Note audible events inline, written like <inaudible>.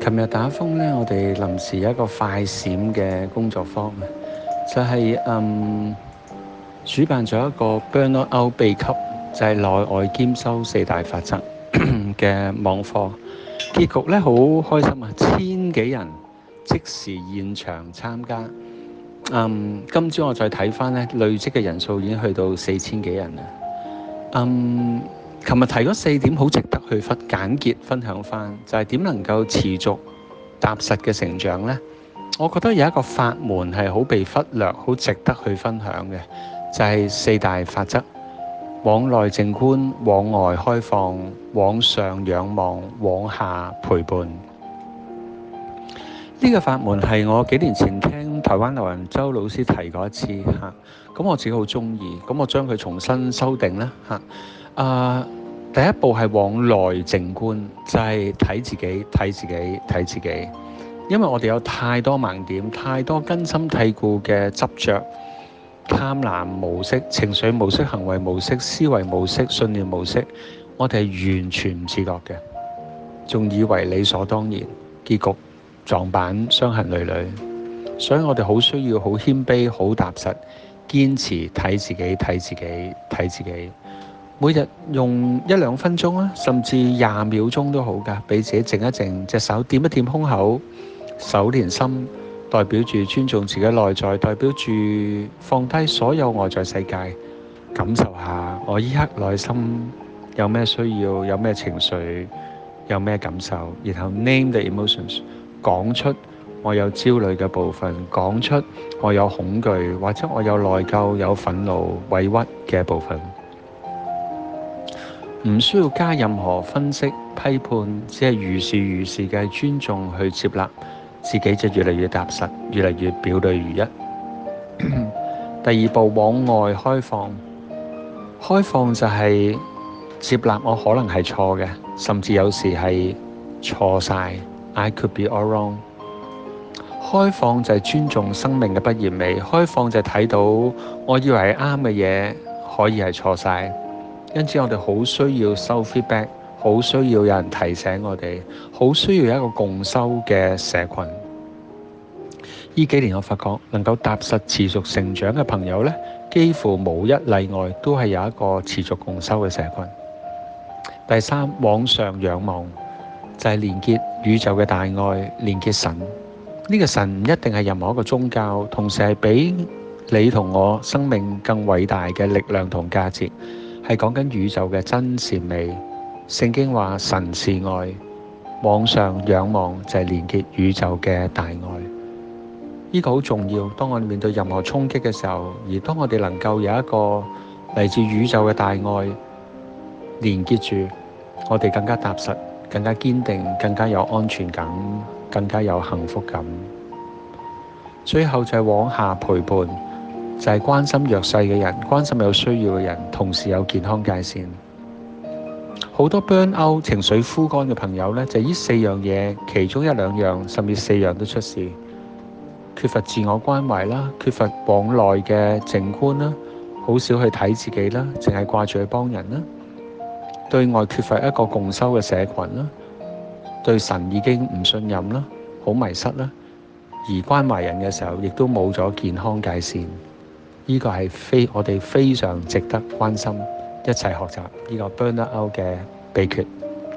琴日打風咧，我哋臨時有一個快閃嘅工作坊啊，就係嗯主辦咗一個 Burn-not-out 秘笈，就係內外兼修四大法則嘅 <coughs> 網課。結局咧，好開心啊，千幾人即時現場參加。嗯，今朝我再睇翻咧，累積嘅人數已經去到四千幾人啦。嗯。琴日提嗰四點好值得去忽簡潔分享翻，就係、是、點能夠持續踏實嘅成長呢？我覺得有一個法門係好被忽略，好值得去分享嘅，就係、是、四大法則：往內靜觀，往外開放，往上仰望，往下陪伴。呢、這個法門係我幾年前聽台灣劉仁洲老師提過一次嚇，咁、啊、我自己好中意，咁我將佢重新修訂啦嚇，啊～第一步係往內靜觀，就係、是、睇自己，睇自己，睇自己。因為我哋有太多盲點，太多根深蒂固嘅執着、貪婪模式、情緒模式、行為模式、思維模式、信念模式，我哋係完全唔自覺嘅，仲以為理所當然，結局撞板、傷痕累累。所以我哋好需要好謙卑、好踏實，堅持睇自己，睇自己，睇自己。每日用一兩分鐘啊，甚至廿秒鐘都好㗎，俾自己靜一靜，隻手掂一掂胸口，手連心，代表住尊重自己內在，代表住放低所有外在世界，感受下我呢刻內心有咩需要，有咩情緒，有咩感受，然後 Name the emotions，講出我有焦慮嘅部分，講出我有恐懼，或者我有內疚、有憤怒、委屈嘅部分。唔需要加任何分析批判，只係如是如是嘅尊重去接納自己，就越嚟越踏實，越嚟越表裏如一。 <coughs> 第二步往外開放，開放就係、是、接納我可能係錯嘅，甚至有時係錯晒。I could be all wrong。開放就係尊重生命嘅不完美，開放就係睇到我以為係啱嘅嘢，可以係錯晒。因此，我哋好需要收 feedback，好需要有人提醒我哋，好需要有一個共修嘅社群。依幾年我發覺能夠踏實持續成長嘅朋友咧，幾乎無一例外都係有一個持續共修嘅社群。第三往上仰望就係、是、連結宇宙嘅大愛，連結神呢、這個神唔一定係任何一個宗教，同時係比你同我生命更偉大嘅力量同價值。係講緊宇宙嘅真善美。聖經話神是愛，往上仰望就係連結宇宙嘅大愛。呢個好重要。當我哋面對任何衝擊嘅時候，而當我哋能夠有一個嚟自宇宙嘅大愛，連結住我哋，更加踏實，更加堅定，更加有安全感，更加有幸福感。最後就係往下陪伴。就係關心弱勢嘅人，關心有需要嘅人，同時有健康界線。好多 burn out 情緒枯乾嘅朋友呢，就係呢四樣嘢其中一兩樣，甚至四樣都出事。缺乏自我關懷啦，缺乏往內嘅靜觀啦，好少去睇自己啦，淨係掛住去幫人啦，對外缺乏一個共修嘅社群啦，對神已經唔信任啦，好迷失啦，而關懷人嘅時候，亦都冇咗健康界線。呢個係非我哋非常值得關心、一齊學習呢個 burn out 嘅秘訣。